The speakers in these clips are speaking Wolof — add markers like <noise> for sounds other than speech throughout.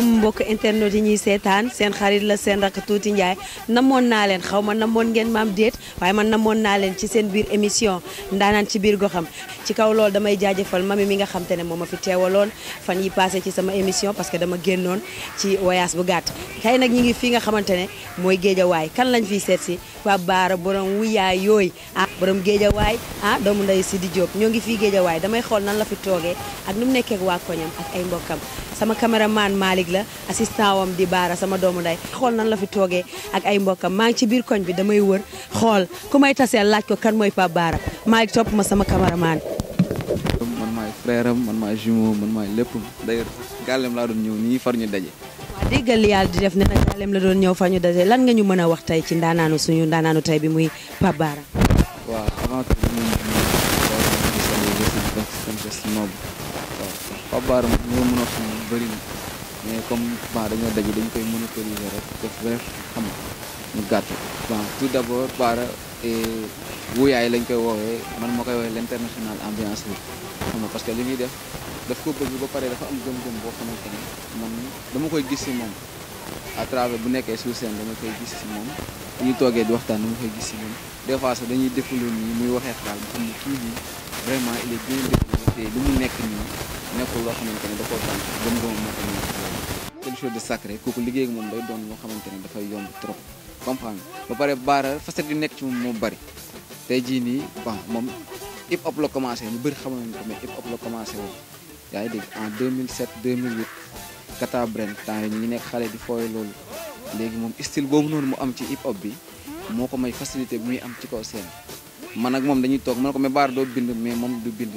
asalaamaaleykum mbokk internet yi ñuy seetaan seen xarit la seen rakk tuuti Ndiaye namoon naa leen xaw ma na namoon ngeen maam déet waaye man namoon naa leen ci seen biir émission ndaanaan ci biir goxam ci kaw loolu damay jaajëfal mami mi nga xam ne moom ma fi teewaloon fan yi passé ci sama émission parce que dama génnoon ci voyage bu gàtt tey nag ñi ngi fii nga xamante ne mooy géejawaay kan lañ fiy seet si Pape Bara borom wuyaay yooyu ah borom géejawaay ah doomu nday di Diop ñoo ngi fii géejawaay damay xool nan la fi toogee ak nu mu nekkee waa koñam ak ay mbokkam sama caméraman Malick la assistant wam di Baara sama doomu nday xool nan la fi toogee ak ay mbokkam maa ci biir koñ bi damay wër xool ku may taseel laaj ko kan mooy Pape Bara Malick ma sama caméraman man maay frère am man maay jumeau man maay lépp d'ailleurs gàllem laa doon ñëw nii far ñu daje. waaw déggal li yàlla di def ne nag gàllem la doon ñëw far ñu daje lan nga ñu mën a wax tey ci ndaanaanu suñu ndaanaanu tey bi muy Pape Bara. waaw avant tout ñu mën a xam bëri na mais comme ba dañoo daje dañ koy monopoliser rek def bref tout d'abord Bara wuyaay lañ koy woowee man ma koy woowee l' international ambiance xam nga parce que li muy def daf ko bëgg ba pare dafa am gëm-gëm boo xamante ne man dama koy gis si moom à travers bu nekkee sur scène dama koy gis moom bu ñu toogee di waxtaan dama koy gis si moom des fois sax dañuy defulu nii muy waxee xaal bu xam ne kii nii vraiment il est bien développé te li nekk nii nekkul loo xamante ne da koo tànn gëm-gëm moo ko nekk chose de sacré kooku liggéey moom day doon loo xamante ne dafay yomb trop comprendre ba pare baara facette yu nekk ci moom moo bëri tey jii nii bon moom hip hop la commencé mu bëri xam nañu ko mais hip hop la commencé woon yaa ngi dégg en 2007 2008 Kata Bren temps yi ñu nekk xale di fooy loolu léegi moom style boobu noonu mu am ci hip hop bi moo ko may facilité bi muy am ci kaw seen man ak moom dañuy toog man ko mais baara doo bind mais moom du bind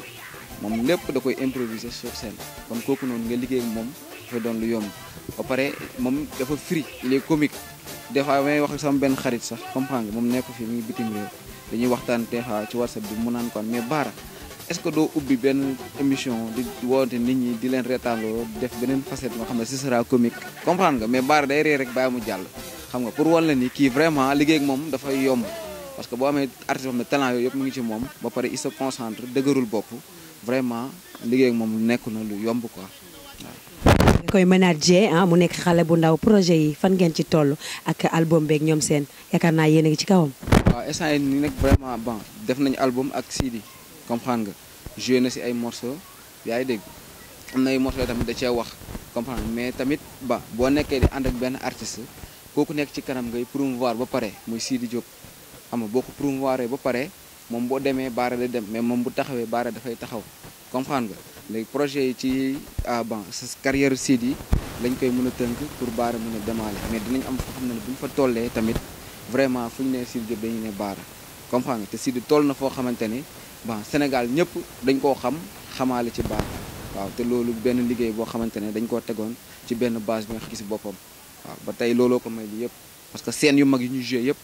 moom lépp da koy improviser sur scène kon kooku noonu nga liggéey ak moom dafa doon lu yomb ba pare moom dafa free il est comique des fois may wax sama benn xarit sax comprendre nga moom nekku fi mu ngi bitim réew dañuy waxtaan des fois ci whatsapp bi mu naan kon mais baara est-ce que doo ubbi benn émission di woote nit ñi di leen reetaanloo def beneen facette nga xam ne ce sera comique comprendre nga mais baara day ree rek bàyyi mu jàll xam nga pour wan la ni kii vraiment liggéey ak moom dafay yomb parce que boo amee artiste boo xam talent yooyu yëpp mu ngi ci moom ba pare il se concentre dëgërul vraiment liggéey ak moom nekku na lu yomb quoi nga koy manager ah mu nekk xale bu ndaw projet yi fan ngeen ci toll ak album beeg ñoom seen yaakaar naa yéen a ci kawam. waaw instant yii nii nag vraiment bon def nañu album ak CD comprendre nga joué na si ay morso yaa ngi dégg am na ay morceaux tamit da cee wax comprendre mais tamit ba boo nekkee di ànd ak benn artiste kooku nekk ci kanam ngay promouvoir ba pare muy Sidi Diop am nga boo ko promouvoir ba pare moom boo demee baare lay dem mais moom bu taxawee baare dafay taxaw comprendre léegi projet yi ci ban sa carrière yi lañ koy mën a tënk pour Baara mën a démarrer mais dinañ am foo xam ne bu ñu fa tollee tamit vraiment fu ñu nee Sidy Diop dañu ne Baara comprendre nga te Sidy na foo xamante ni bon Sénégal ñëpp dañ koo xam xamaale ci Baara waaw te loolu benn liggéey boo xamante ne dañ koo tegoon ci benn base bi nga gis boppam waaw ba tey looloo ko may li yëpp parce que seen yu mag yu ñu joué yëpp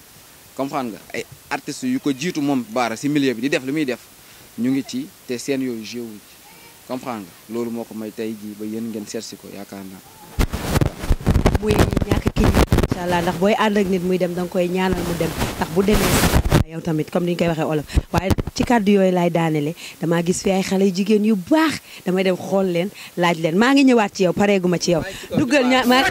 comprendre nga ay artistes yu ko jiitu moom Baara si millier bi di def li muy def ñu ngi ci te scène yooyu joué comprendre loolu moo ko may tey jii ba yéen ngeen seet si ko yaakaar naa. muy ñàkk kii incha allah ndax booy ànd ak nit muy dem danga koy ñaanal mu dem ndax bu demee yow tamit comme ni ñu koy waxee olof waaye ci kàddu yooyu laay daanele damaa gis fi ay xale jigéen yu baax damay dem xool leen laaj leen maa ngi ñëwaat ci yow pareeguma ci yow. duggal ña ma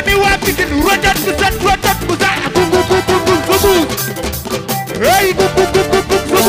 ami waa Pikine rotat bu set rotat bu set bu bu bu bu bu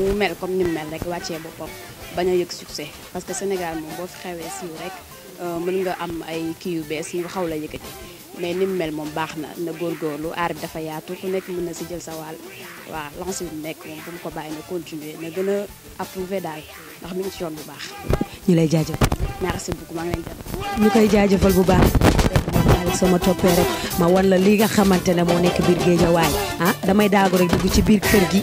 mu mel comme ni mel rek wàccee boppam bañ a yëg succès parce que Sénégal moom boo fi xewee siiw rek euh, mën nga am ay kii yu bees yu xaw la yëkkati mais ni mu mel moom baax na na góorgóorlu aar bi dafa yaatu nekk mën na si jël sa wàll waaw lancé nekk moom ko bàyyi na continuer na gën a approuvé daal ndax mi yoon bu baax. ñu lay jaajëfal. merci beaucoup maa ngi di ñu koy jaajëfal bu baax. sama toppee rek ma wan la li nga xamante ne moo nekk biir géejawaay ah damay daagu rek dugg ci biir kër gi.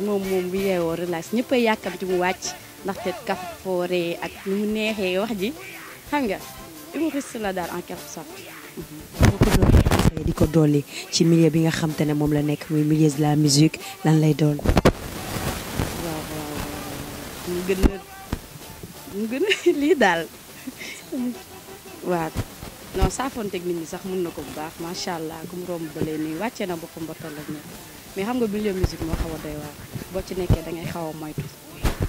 moom moom bu yeewoo relax ñëpp a yàkkam ci mu wàcc ndaxte kaf fooree ak nu mu neexee wax ji xam nga humoriste la daal en quelque sorte. Mm-hmm. di ko dolli ci milieu bi nga xam ne moom la nekk muy milieu de la musique lan lay doon. mu gën a <laughs> mu gën a lii daal waaw. non saafoon technique bi sax mun na ko bu baax macha allah ku mu romb ba lay wàcce na boppam ba toll mais xam nga milieu musique moo xaw a doy waar boo ci nekkee dangay ngay xaw a moytu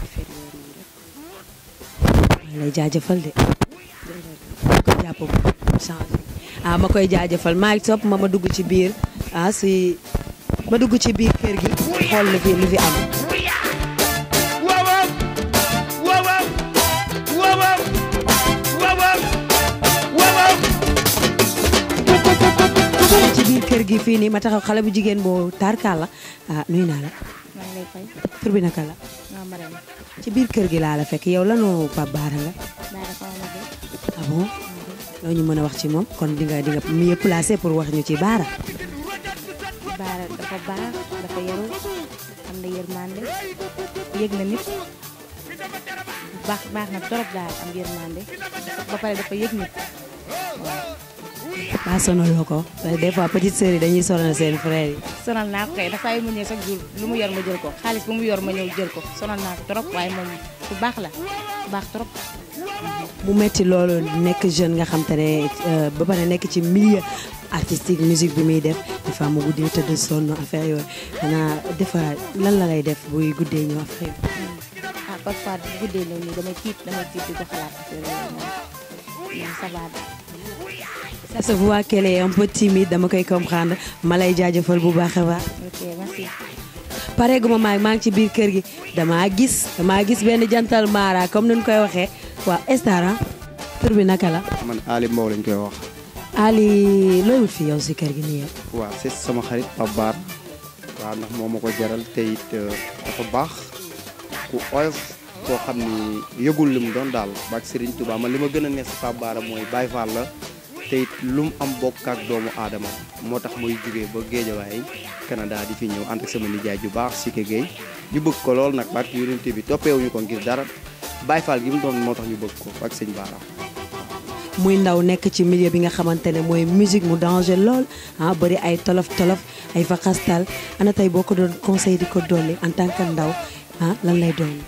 affaire yooyu noonu rek. maa ngi lay jaajëfal de. ah ma koy jaajëfal maa ngi topp ma ma dugg ci biir ah si ma dugg ci biir kër gi xool li fi li fi am. kër gi fi ni ma taxaw xala bu jigéen boo kala. ah nuy na la. maa ngi lay tur bi naka la. ci bir kër gi la la fek yow lanoo Pape Bara la. Baara ah bon loo ñu mëna wax ci mom kon di nga di nga mieux placer pour wax ñu ci bara bara dafa dafa yaru am na yermande yegg na nit bax bax na torop daal am yermande ba pare dafa yegg nit maa sonaloo ko des fois petite sœur yi dañuy sonal seen frère yi. sonal naa ko kay ndax saa yu mu ñëwee chaque jour lu mu yor ma jël ko xaalis bu mu yor ma ñëw jël ko sonal naa trop waaye moom bu baax la baax trop. mu metti loolu nekk jeune nga xam ne euh, ba pare nekk ci milieu artistique musique bi muy def des fois mu guddee tëdd sonn affaire yooyu lan la lay def buy guddee ñëw affaire yi. ah parfois bu guddee ñëw ça se voit qu'elle est un peu timide je koy comprendre ma lay jaajëfal bu baax a baax. ok merci. Je suis maa ngi ci biir kër gi damaa gis damaa gis benn jantal mara comme ni ñu koy waxee waa star ah tur bi naka la. man Ali Mbow lañ koy wax. Ali looy wut fi yow si kër gi nii yow. waaw c'est sama xarit Pape Baar waaw ndax moo ma ko jaral te it dafa baax ku oyof koo xam ni yëgul li mu doon daal baag Serigne Touba man li ma gën a neex si Pape Baar mooy te lu mu am bokk ak doomu aadama moo tax muy jógee ba géejawaay Canada di fi ñëw ànd ak sama nijaay ju baax si Gueye ñu bëgg ko lool nag barke yonent bi toppeewuñu ko ngir dara Baay gi mu doon moo tax ñu bëgg ko ak sëñ Baara. muy ndaw nekk ci milieu bi nga xamante ne mooy musique mu danger lool ah bëri ay tolof tolof ay faxastal ana tey boo ko doon conseil di ko dolli en tant que ndaw ah lan lay doon.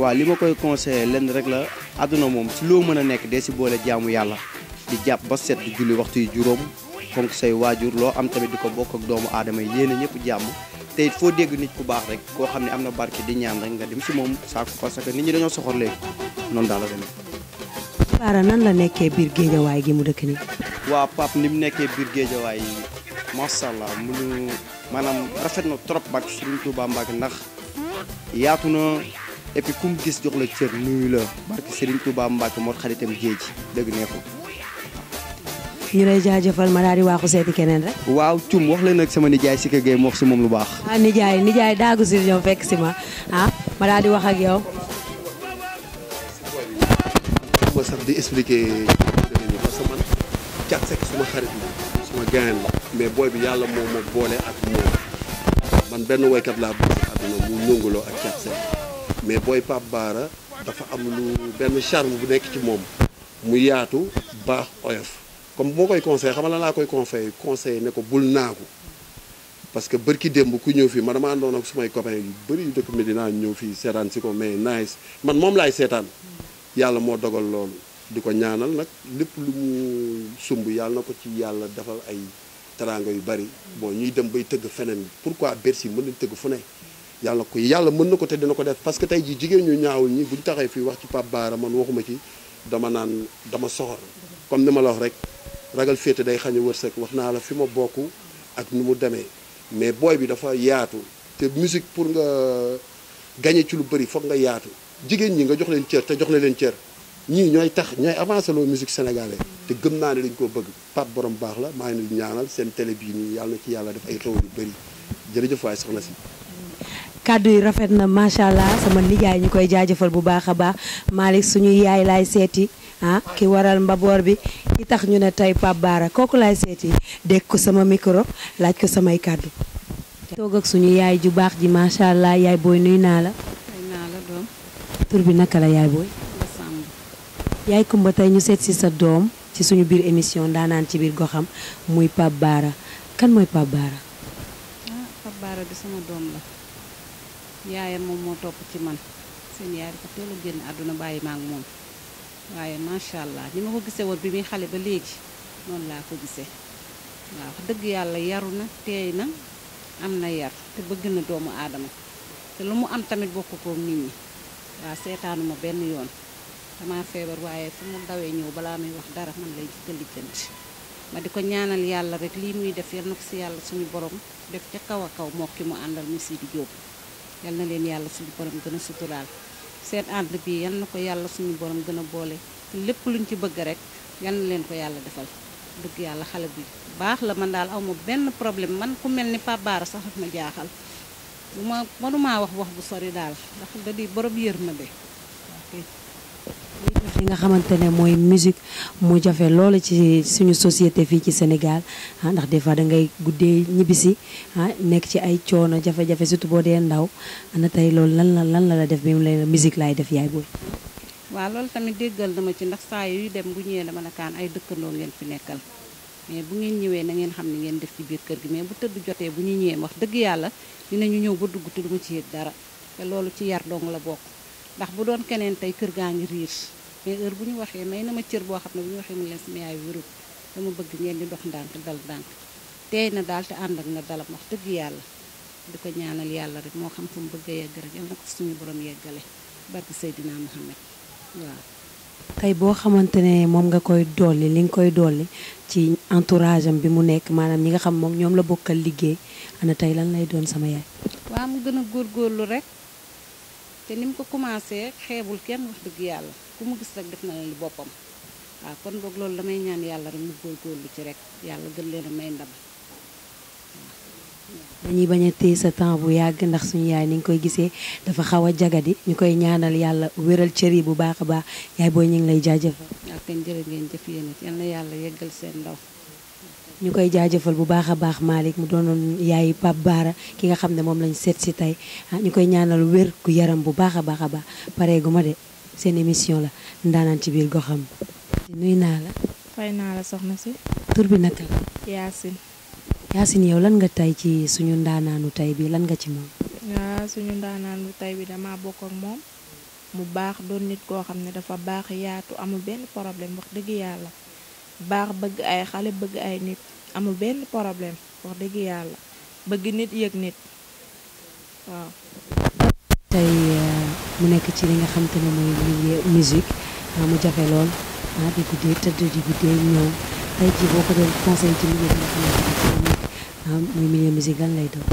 waaw li ma koy conseillé lenn rek la àdduna moom si loo mën a nekk dee si boole jaamu yàlla. di jàpp ba set di julli waxtu yu juróom fonk say wajur lo am tamit di ko bokk ak doomu aadama yene ñepp jamm te it foo dégg nit ku baax rek ko xamni amna am barke di ñaan rek nga dem si sa ko parce que nit ñi dañu soxor léegi non daal la dem para nan la bir biir way gi mu dëkk ni wa pap nim nekké bir biir way yi sha allah ñu manam rafet na trop bak Serigne Touba mbak ndax yaatuna et puis kum gis jox la cër nuyu la barke Serigne Touba mbak mo xaritam géej deug neexu ñu lay jaajëfal ma daal di waaxu seeti keneen rek. waaw cum wax leen nag sama nijaay Sika Gueye mu wax si moom lu baax. ah nijaay nijaay daagu si ñoom fekk si ma ah ma daal di wax ak yow. ma sax di expliquer parce suma mais booy bi yàlla moo ma boole benn woykat laa ak mais booy Pape Bara dafa am lu benn charme bu nekk ci moom mu yaatu baax oyof. comme moo koy conseillé xam nga lan laa koy conseillé conseillé ne ko bul naagu parce que bërki démb ku ñëw fii man dama àndoon ak sumay copains yu bëri yu dëkk fii seetaan si ko mais nice laay seetaan yàlla moo dogal loolu ko ñaanal nag lépp lu mu sumb na ko ci yàlla defal ay teraanga yu bëri bon ñuy dem bay tëgg feneen pourquoi Bercy mën nañ tëgg fu ne yàlla ko yàlla mën na ko te dina ko def parce que tey ji jigéen ñu ñaawul ñi buñu taxee fii wax ci Pape Bara man waxuma ci dama naan dama soxor comme ni ma la wax rek ragal féete day xañ a wërsëg wax naa la fi ma bokk ak nu mu demee mais booy bi dafa yaatu te musique pour nga gagné ci lu bëri foog nga yaatu jigéen ñi nga jox leen cër te jox na leen cër ñii ñooy tax ñooy avancé loo musique sénégalais te gëm naa ne dañ koo bëgg Pape borom baax la maa ngi ñaanal seen télé bii nii yàlla na ci yàlla def ay xew lu bëri jërëjëf waay soxna si. kàddu yi rafet na macha allah sama nijaay ñu koy jaajëfal bu baax a baax Malick suñuy yaay laay seeti. ah ki waral mbabor bi ki tax ñu ne tay pa Bara koku lay seeti ko sama micro laaj ko samay cadeau toog ak suñu yaay ju baax ji macha allah yaay boy nuy naa la nuy naa la doom tur bi nakala yaay boy yaay kumba ñu ci sa dom ci suñu biir émission ci biir goxam muy pa Bara kan moy pa Bara ah, pa Bara bi sama dom la yaayam moom mo top ci man seen yaay ko genn aduna ak mom waaye macha allah ni ma ko gisee woon bi muy xale ba léegi noonu laa ko gisee waaw dëgg yàlla yaru na teey na am na yar te bëgg na doomu aadama te lu mu am tamit bokk ko nit ñi waaw seetaanuma benn yoon dama feebar waaye fu mu dawee ñëw balaa muy wax dara man lay jëkka lijjanti ma di ko ñaanal yàlla rek lii muy def yal na ko si yàlla suñu borom def ca kaw a kaw moo ki mu àndal mu si di jóob yal na leen yàlla suñu borom gën a suturaal seen ànd bii yal na ko yàlla suñu borom gën a boole te lépp luñ ci bëgg rek yal na leen ko yàlla defal dugg yàlla xale bi baax la man daal awma benn problème man ku mel ni Pape Bara sax ma jaaxal bu ma mënumaa wax wax bu sori daal ndax da di borom yërmande li nga xamantene moy musique mu jafé lolé ci suñu société fi ci Sénégal ah, ndax des fois da ngay goudé ñibisi ah, nek ci ay ciono jafé jafé surtout bo dé ndaw ana tay lool lan la lan la def bi mu lay musique lay def yaay boy wa lool tamit déggal dama ci ndax sa yu dem bu ñëwé dama la kaan ay dëkkandoo ngeen fi nekkal mais bu ngeen ñëwé na ngeen xam ni ngeen def ci biir kër gi mais bu tëdd bu ñu ñëwé wax dëgg dinañu ñëw ba dugg ci dara té loolu ci yar dong la bok ndax bu doon keneen tay kër gaangi riche mais heure bu ñu waxee may na ma cër boo xam ne bu ñu waxee mu leen sama yaay wérut dama bëgg ngeen di dox ndànk dal ndànk teey na daal te ànd ak na dalam wax dëgg yàlla di ko ñaanal yàlla rek moo xam fu mu bëgg a yegg rek yal na ko suñu borom yeggale barke Seydina Muhammad boo xamante ne moom nga koy dolli li nga koy dolli ci entourage am bi mu nekk maanaam ñi nga xam moom ñoom la bokkal liggéey ana tey lan lay doon sama yaay. waaw mu gën a góorgóorlu rek te ni mu ko commencé xeebul kenn wax dëgg yàlla. ku mu gis rek def na leen boppam waaw kon boog loolu damay ñaan yàlla rek mu góorgóorlu ci rek yàlla gën leen may ndam. dañuy bañ a téye sa temps bu yàgg ndax suñu yaay ni nga koy gisee dafa xaw a jagadi ñu koy ñaanal yàlla wéral cër yi bu baax a baax yaay booy ñu ngi lay jaajëfal. waaw kañ jërë ngeen jëf yàlla yeggal seen ndaw. ñu koy jaajëfal bu baax a baax Malick mu doonoon yaayu Pape Bara ki nga xam ne moom lañ seet si tey ah, ñu koy ñaanal wér gu yaram bu baax a baax a baax pareegu ma de. seen émission la ndaanaan ci biir goxam. nuy naa la. fay naa la soxna si. tur bi naka la. Yacine. yow lan nga tey ci suñu ndaanaanu tey bii lan nga ci moom. waaw suñu ndaanaanu tey bi dama bokk ak moom mu baax doon nit koo xam ne dafa baax yaatu amul benn problème wax dëgg yàlla baax bëgg ay xale bëgg ay nit amul benn problème wax dëgg yàlla bëgg nit yëg nit waaw. mu nekk ci li nga xam te ne mooy milieu musique ah, mu jafe lool ah di guddee tëdd di guddee ñëw tey ci boo ko doon conseil ci milieu bi nga xamante ne ah muy milieu musique lan lay doon.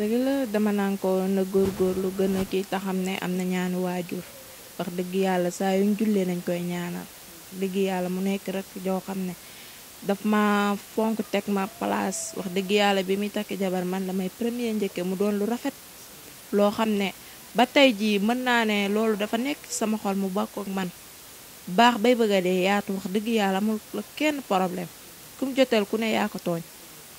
dëgg la dama naan ko na góorgóorlu gën a kii te xam ne am na ñaanu waajur wax dëgg yàlla saa yuñ jullee nañ koy ñaanal dëgg yàlla mu nekk rek joo xam ne daf ma fonk teg ma place wax dëgg yàlla bi muy takk jabar man damay premier njëkke mu doon lu rafet loo xam ne ba tey jii mën naa ne loolu dafa nekk sama xol mu bokk man baax bay bëgg a dee yaatu wax dëgg yàlla amul la kenn problème ku joteel ku ne yaa ko tooñ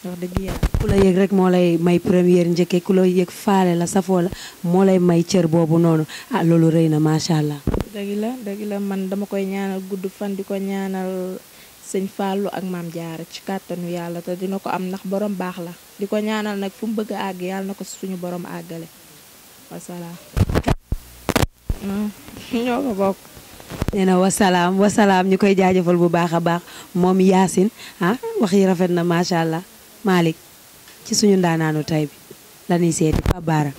wax dëgg yàlla. ku la yëg rek moo lay may première njëkkee ku yëg faale la safoo la moo lay may cër boobu noonu ah loolu rëy na macha allah. dëgg la dëgg la man dama koy ñaanal gudd fan di ko ñaanal sëñ Fallou ak maam Diarra ci kàttanu yàlla te dina ko am ndax borom baax la di ko ñaanal nag fu mu bëgg àgg yàlla na ko suñu borom àggale. wasalaam. Hmm. <laughs> ñoo nee na wasalaam wasalaam ñu koy jaajëfal bu baax a baax moom yaasin ah wax yi rafet na macha allah Malick ci suñu ndaanaanu tay bi la ñuy seeti Pape Bara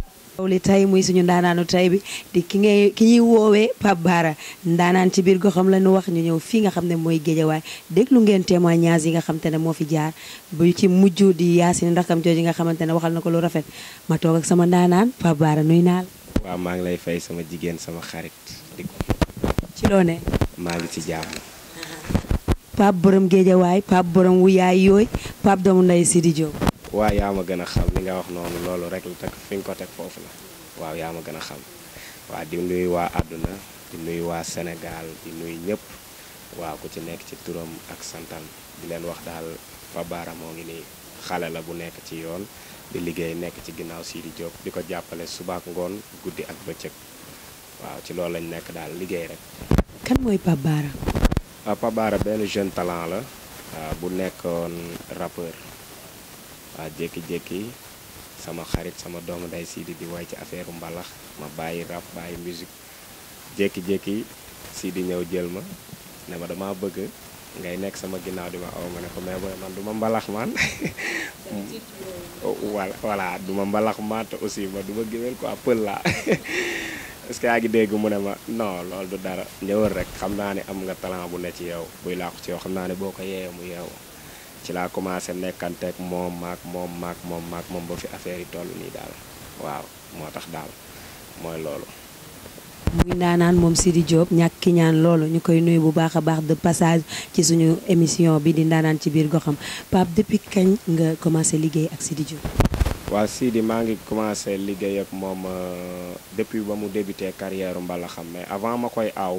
li tey muy suñu ndaanaanu tey bi di ki ngay ki ñuy woowee Pape Bara ndaanaan ci biir goxam la ñu wax ñu ñëw fii nga xam ne mooy géejawaay déglu ngeen témoignage yi nga xam ne moo fi jaar bu ci mujj di yaasin ndakam jooju nga xamante ne waxal na ko lu rafet ma toog ak sama ndaanaan Pape Bara nuy naa la maa ngi lay fay sama jigéen sama xarit di ko ci loo ne maa ngi ci jàmm Pape borom géejawaay Pape borom wu yaay yooyu Pape doomu nday Sidi Diop waaw a xam nga wax noonu lolu rek la teg fi ko tek fofu la waaw yaama gëna xam waa di nuyu wa aduna di nuyu wa senegal di nuyu ñëpp waaw ku ci nekk ci turam ak santam di len wax dal fa bara mo ngi ni xalé la bu nekk ci yoon di liggéey nekk ci ginnaw Sidi job diko jappalé suba subaak ngoon guddi ak beccëk waaw ci lolu lañ nekk dal liggéey rek. kan moy pa Bara. waaw ah, Pape Bara ben jeune talent la ah, bu nekkoon rappeur. wa jeki jeki sama xarit sama doomu day Sidi di way ci affaire mbalax ma bàyyi rap bàyyi musique jékki-jékki Sidi ñëw jël ma ne ma dama bëgg ngay nekk sama ginnaaw di ma aw ma ne ko mais booy du ma mbalax maan <laughs> voilà du ma mbalax maan te aussi ma du ma géwél quoi pël laa <laughs> est-ce que yaa ngi dégg mu ne ma no lool du dara ñëwal rek xam naa ni am nga talent bu ne ci yow buy laaku ci yow xam naa ne boo ko yeewee mu yeewu ci laa commencé nekkanteeg moom maak moom maak moom maak moom ba fi affaire yi toll nii daal waaw moo tax daal mooy loolu. muy ndaanaan moom Sidy Diop ñàkk ki ñaan loolu ñu koy nuyu bu baax a baax de passage ci suñu émission bi di ndaanaan ci biir goxam Pape depuis kañ nga commencé liggéey ak Sidy Diop. waaw Sidy maa ngi commencé liggéey ak moom euh, depuis ba mu débuté carrière mbalaxam mais avant ma koy aw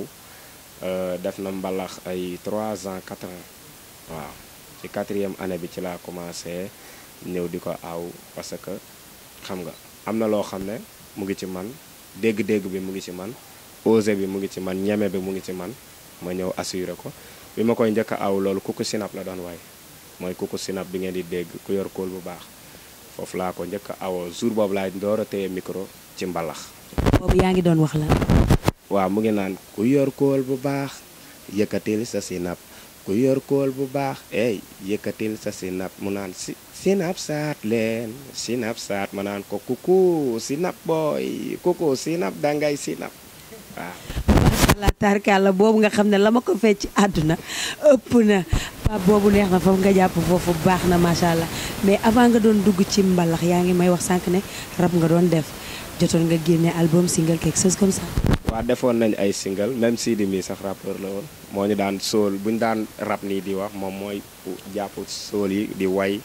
euh, def na mbalax ay 3 ans 4 ans waaw. ci quatrième année bi ci laa commencé ñëw di aw parce que xam nga am na loo mu ngi ci man dégg-dégg bi mu ngi ci man osé bi mu ngi ci man bi mu ngi ci man ma ñëw assuré ko bi ma koy njëkk aw loolu kuku sinap la doon kuku sinap bi ngeen di dégg ku yor kóol bu baax foofu laa ko njëkk awoo jour boobu laay door a téye micro ci mbalax boobu doon wax la mu ngi naan ku yor bu baax yëkkatil sa sinap ku yor kol bu bax ey yekatil sa sinap mu nan sinap saat len, sinap saat mu nan ko kuku sinap boy kuku sinap dangay sinap tar ka la bobu nga xamne lama ko fecc aduna ëpp na pap bobu neex na fam nga japp fofu bax na mashallah mais avant nga don dugg ci mbalax yaangi may wax sank ne rap nga don def jotone nga genné album single quelque chose comme ça waa defoon nañ ay single même Sidi mii sax rappeur la woon moo ñu daan sool bu ñu daan rab nii di wax moom mooy jàpp sool yi di way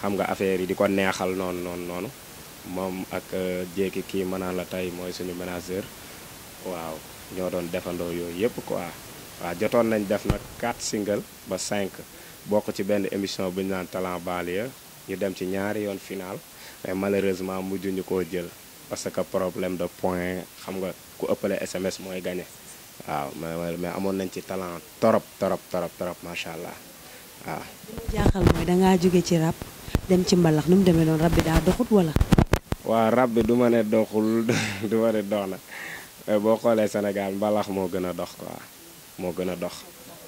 xam nga affaire yi di ko neexal noonu noonu noonu moom ak euh, jékki kii mënaan la tay mooy suñu manager waaw ñoo doon defandoo yooyu yëpp quoi waa jotoon nañ def na 4 single ba 5 bokk ci benn émission bu ñu naan talent banlieue ñu dem ci ñaari yoon final mais malheureusement mujj ñu ko jël parce que problème de point xam nga. ku ëppale SMS mooy gagné waaw mais mais amoon nañ ci talent torop torop torop torop macha allah waaw. jaaxal mooy da jóge ci rab dem ci mbalax nu mu demee noonu rab bi daa doxut wala. waaw rab bi du ma ne doxul <laughs> du ne dox na boo xoolee Sénégal mbalax moo gën a dox quoi gën a dox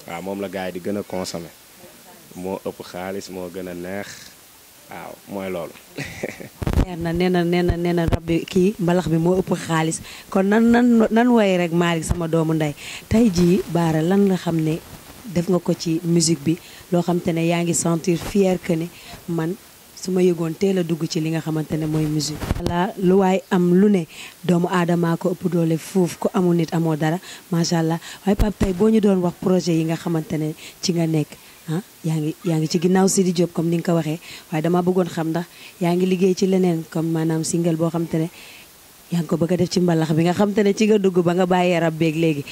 waaw moom la gars yi di gën a consommer moo ëpp xaalis moo gën a neex. waaw mooy loolu. nee na nee na nee na nee na rab bi kii mbalax bi moo ëpp xaalis kon nan nan nan way rek Malick sama doomu ndey tey jii baare lan la xam ne def nga ko ci musique bi loo xam ne yaa ngi sentir fier que ne man su ma yëgoon teel a dugg ci li nga xamante ne mooy musique. voilà lu waaye am lu ne doomu aadamaa ko ëpp doole fuuf ku amul nit amoo dara macha allah waaye Pape tey boo ñu doon wax projet yi nga xamante ne ci nga nekk. ah yaa ngi ci ginnaaw Sidi job comme ni nga ko waxee waaye dama bëggoon xam ndax yaa liggéey ci leneen comme maanaam single boo xam te ne yaa ngi ko bëgg def ci mbalax bi nga xam ci nga dugg ba nga rab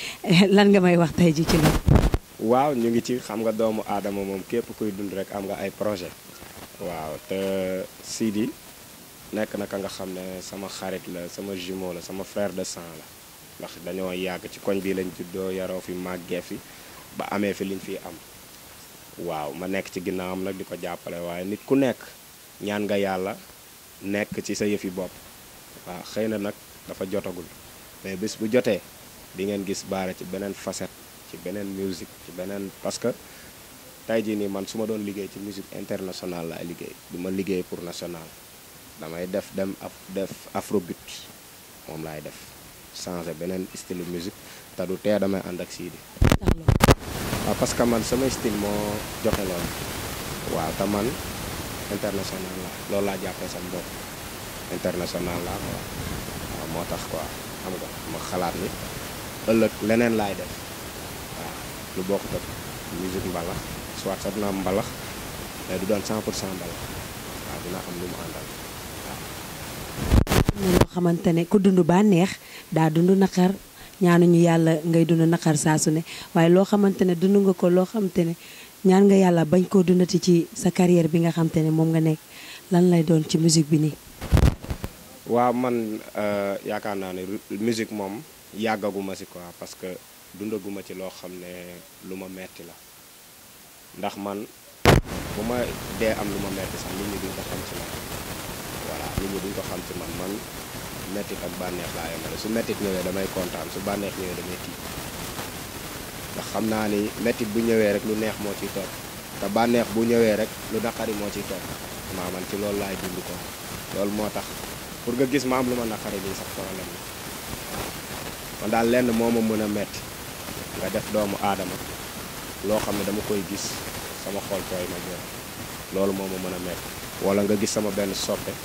<laughs> lan nga may wax tey ji ci loolu. waaw ñu ngi ci xam nga doomu aadama moom képp kuy dund rek am nga ay projet waaw te Sidi nekk na ka nga xam sama xarit la sama jumeau la sama frère de sang la ndax dañoo yàgg ci koñ bi lañ juddoo yaroo fi màggee fi ba amee fi liñ fi am waaw ma nekk ci ginnaawam nag di ko jàppale waaye nit ku nekk ñaan nga yàlla nekk ci sa yëfi bopp waaw xëy na nag dafa jotagul mais bis bu jotee di ngeen gis baara ci beneen facette ci beneen musique ci beneen parce que tey jii nii man su ma doon liggéey ci musique internationale laay liggéey du ma liggéey pour national damay def dem af def afrobeat moom laay def changé beneen style musique te du tee damay ànd ak Sidi pas kamar semua istimo jokelon wah teman internasional lah lola jake sambo internasional lah ah, mau tak kuah kamu kok mau kalah nih elek lenen lah deh lu bok tuh musik balak suara tuh nam balak ya eh, udah campur sama balak aku ah, nak ambil mandal ah. mau kamar tenek kudu nubanir dah dundu nakar ñaanuñu yàlla ngay dund naqar saa su ne waaye loo xamante ne dund nga ko loo xamante ne ñaan nga yàlla bañ koo dundati ci sa carrière bi nga xamante ne moom nga nekk lan lay doon ci musique bi nii. waaw man euh, yaakaar naa ne musique moom yàggaguma si quoi parce que dundaguma ci loo xam ne lu ma metti la ndax man bu ma dee am lu ma metti sax nit ñi duñ ko xam ci man voilà nit ñi duñ ko xam ci man. Metik ak banex la yamale su metik ñewé damay contane su banex ñewé damay tiit da xamna ni metik bu ñewé rek lu neex mo ci top ta banex bu ñewé rek lu nakari mo ci top ma man ci lool lay dund ko lool motax pour nga gis ma am lu ma naqari nii sax problème la man daal lenn moma ma met nga def doomu adama lo xamne dama koy gis sama xol toy ma jër lool moma ma met wala nga gis sama ben soppe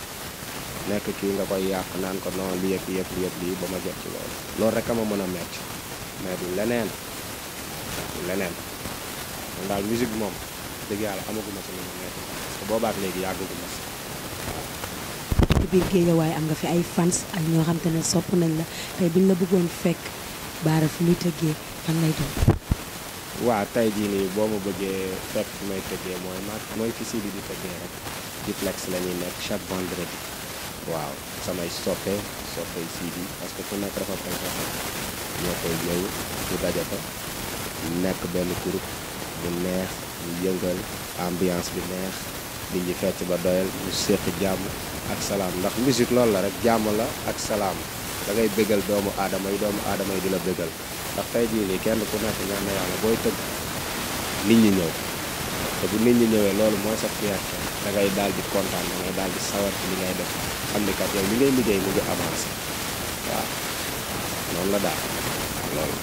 nekk kii nga koy yàq naan ko non lii yëpp yëpp yëpp lii ba ma jot ci loolu loolu rek a ma mën a mett mais leneen leneen man daal musique bi moom dëgg yàlla amaguma ci lu léegi yàggaguma si ci biir géejawaay am nga fi ay fans ak ñoo xam te ne sopp nañ la tey buñ la bëggoon fekk baara fi muy tëggee fan lay doon waaw tey jii nii boo ma bëggee fekk fi may tëggee mooy ma mooy fi si di di tëggee rek duplex la ñuy nekk chaque vendredi waaw samay soppe soppe sii parce que ku nekk dafa am ay soppe ñoo koy ñëw ñu daje ko nekk benn groupe bu neex ñu yëngal ambiance bi neex nit ñi fecc ba doyal ñu séq jàmm ak salaam ndax musique loolu la rek jàmm la ak salaam da ngay bégal doomu aadama yi doomu aadama yi di la bégal ndax tey jii kenn ku nekk ñaan na yàlla booy tëgg nit ñi ñëw te bu nit ñi ñëwee loolu mooy sa fierté da ngay daal di kontaan da ngay daal di sawar ci li ngay def xam ni kat yow li ngay liggéey mu ngi avancé waaw noonu la daal loolu.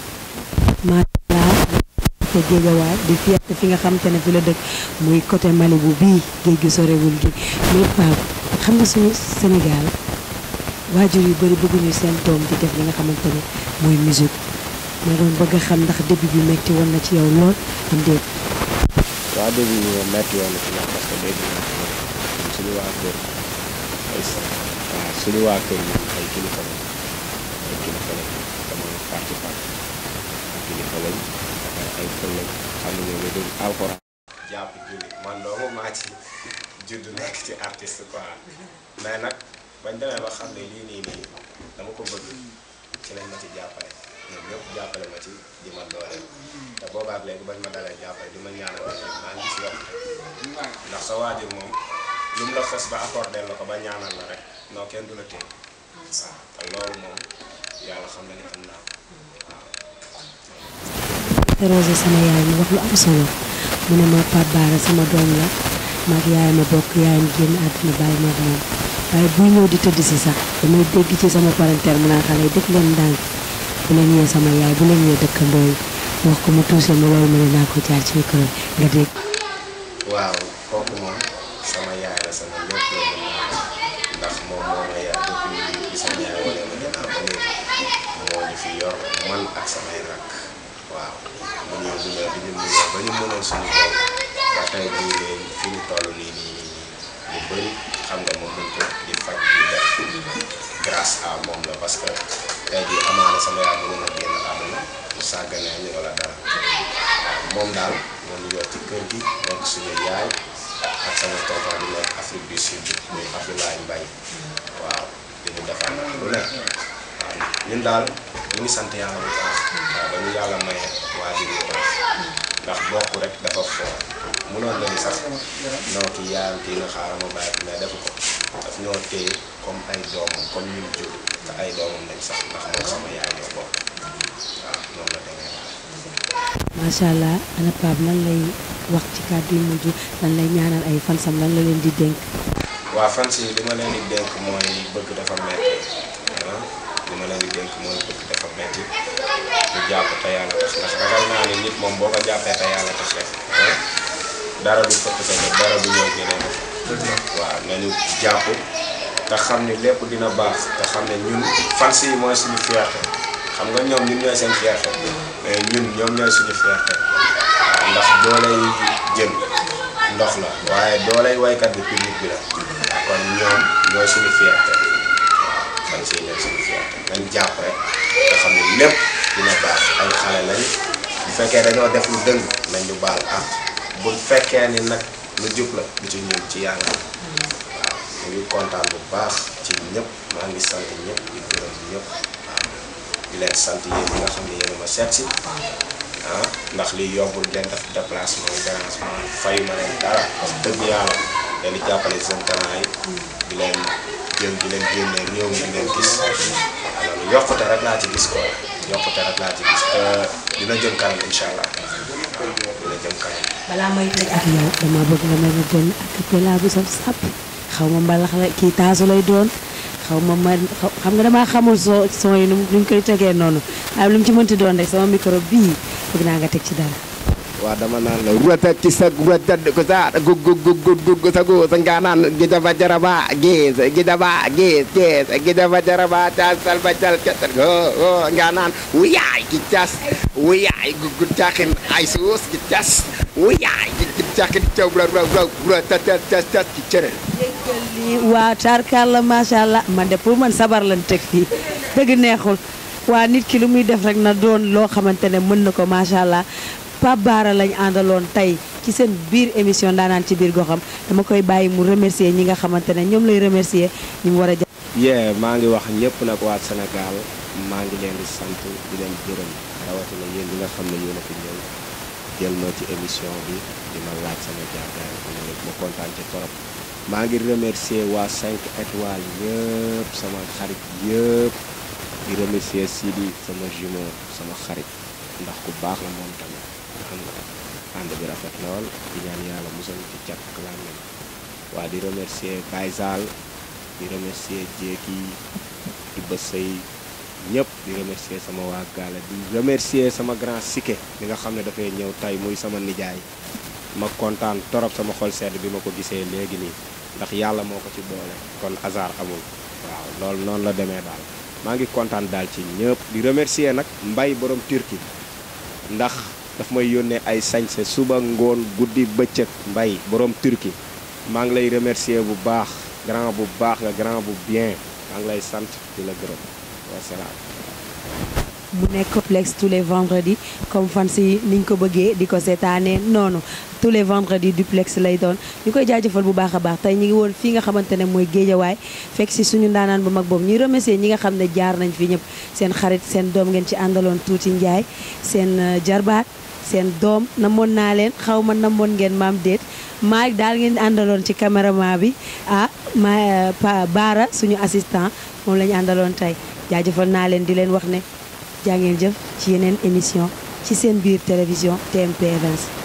te géejawaay di fierté fi nga xam te ne fi la dëkk muy côté Mali bu bii géej gi sorewul gi mais Pape xam nga suñu Sénégal waajur yu bari bëgguñu seen doom di def li nga xamante ne mooy musique ma doon bëgg xam ndax début bi metti woon na ci yow lool am déet. waaw début bi metti woon na ci yow parce que suñu waa kër ay suñu waa kër yi ay kilifa lañ xam ne jàpp julli man ci judd nekk ci nag bañ demee ba xam ne lii nii nii dama ko bëgg ci lañ ma ci jàppale ñoom ñëpp jàppale ma ci di ma doole te boobaak léegi bañ ma dalee jàppale di ma ñaanal maa ngi gis yoon ndax sa waajur moom. lu loolu sama yaay mu wax lu am solo mu ne ma Pape sama doom la maag yaay a bokk yaayam génn àdduna bàyyi ma moom waaye buy ñëw di tëdd si sax damay dégg ci sama parenteer mu naa xale yi dëkk leen ndànk bu leen ñëwee sama yaay bu leen ñëwee dëkkandoo yi wax ko mu tuuse ma loolu ma ne naa ko jaar ci nga dégg tey jii fi ñu toll nii lu bëri xam nga moom lañ ko di faj kan di def grâce à moom la parce que tey jii amaana sama yaay mënoon a génn àdduna mu sàgganee ñu wala dara moom daal moo ñu yor ci kër gi donc suñu yaay ak sama tonton bi nekk Afrique du Sud muy Abdoulaye Mbaye waaw di ñu defal nag lu nekk waaw ñun daal ñu ngi sant yàlla bu baax waaw dañu yàlla maye waa ji ñu ndax bokk rek dafa fort mënoon nañu sax non ki yaayam kii na xaaral ma bàyyi mais defu ko daf ñoo téye comme ay comme ñun jur te ay doomam lañ sax ndax moom sama yaay ñoo bokk waaw noonu la demee macha allah ana Pape lan lay wax ci kàddu yu mujj lan lay ñaanal ay lan la leen di dénk waa fans yi li ma leen di dénk mooy bëgg dafa metti li ah, ma leen di dénk mooy bëgg dafa metti ñu jàpp te yàlla tax ndax ragal naa ni nit moom boo ko jàppee te yàlla tax rek ah. dara du fëtt sa dara du ñëw gën waaw nañu jàpp te xam ni lépp dina baax te xam ne ñun fans yi mooy suñu fierté xam nga ñoom ñun ñooy seen fierté mais suñu fierté waaw ndax dooley jën ndox la waaye dooley waykat bi public bi la kon ñoom ñooy suñu fierté waaw nañ jàpp rek te xam ne lépp dina baax ay xale lañu bu fekkee dañoo def lu dëng nañ ñu baal bu fekkee ni nag lu jub la lu ci ñëw ci yàlla waaw mm-hmm. mu ngi kontaan bu baax ci ñëpp maa ngi sant ñëpp di gërëm ñëpp di leen sant yéen nga xam ne yéen ma seet si ah, ndax li yombul de def déplacement dérangement fayu ma leen dara parce que dëgg yàlla leen jàppale seen talent yi mm-hmm. di leen jéem di leen génnee ñëw di yokkute rek laa ci gis yokkute rek laa ci gis euh, dina jëm kanam incha allah dina jëm kanam. may ak yow dama bëgg nga may ma benn acapella bu saf sàpp xaw ma mbalax la kii taasu lay doon xaw ma ma xam nga damaa xamul soo son yi nu ñu koy tegee noonu waaye lu mu ci mënti doon rek sama micro bii bëgg naa nga teg ci dara. waaw dama naan la rota ci sa rota ko sa gu gu gu gu gu sa gu sa nga naan gi dafa jaraba gis gi dafa gis gis gi dafa jaraba taas salba cal ketal go go nga naan wuyaay ki cas wuyaay gu gu taxin ay suus ki cas wuyaay gi gi taxin caw la raw raw rota tas tas tas ci cere waaw tarkalla macha allah man de pour man sabar lan teg fii dëgg neexul waa nit ki lu muy def rek na doon loo xamante ne mën na ko macha allah Pape Bara lañ andalon tay ci seen biir émission ndaanaan ci biir goxam dama koy bàyyi mu remercier ñi nga xamantene ñom lay remercier ñi mu war a yee maa ngi wax ñepp nak wa Sénégal ma ngi leen di sant di leen gërëm rawatina yéen ñi nga xamne yeen yéen ñew jël ma ci émission bi di ma laaj sama jaagaay bi ma kontaan ci torop ma ngi remercier wa 5 étoiles yeup sama xarit yeup di remercier Sidi sama jumeau sama xarit ndax ku baax la mom tamit xam nga ànd bi rafet lool di ñaan yàlla musal ci cat ak làmmiñ waa di remercier Baye di remercier Jéeki di ba sëy ñëpp di remercier sama waa gaale di remercier sama grand Sike mi nga xam ne dafay ñëw tey muy sama nijaay ma kontaan torop sama xol sedd bi ma ko gisee léegi nii ndax yàlla moo ko ci boole kon hasard amul waaw loolu noonu la demee daal maa ngi kontaan daal ci ñëpp di remercier nag Mbay borom Turquie ndax daf may yónnee ay sañse suba ngoon guddi bëccëg mbay borom turki maa ngi lay remercier bu baax grand bu baax nga grand bu bien maa ngi lay sant di nekk complexe tous les vendredis comme fan si ni niñ ko bëggee di ko seetaanee noonu tous les vendredis duplex lay doon ñu koy jaajëfal bu baax a baax tey ñu ngi woon fii nga xamante ne mooy géejawaay fekk si suñu ndaanaan bu mag boobu ñuy remercier ñi nga xam ne jaar nañ fi ñëpp seen xarit seen doom ngeen ci àndaloon tuuti njaay seen euh, jarbaat seen doom namoon naa leen xaw ma namoon ngeen maam déet maa daal ngeen àndaloon ci caméraman bi ah ma baara suñu assistant moom lañu ñu àndaloon tey jaajëfal naa leen di leen wax ne jaa ngeen jëf ci yeneen émission ci seen biir télévision TMP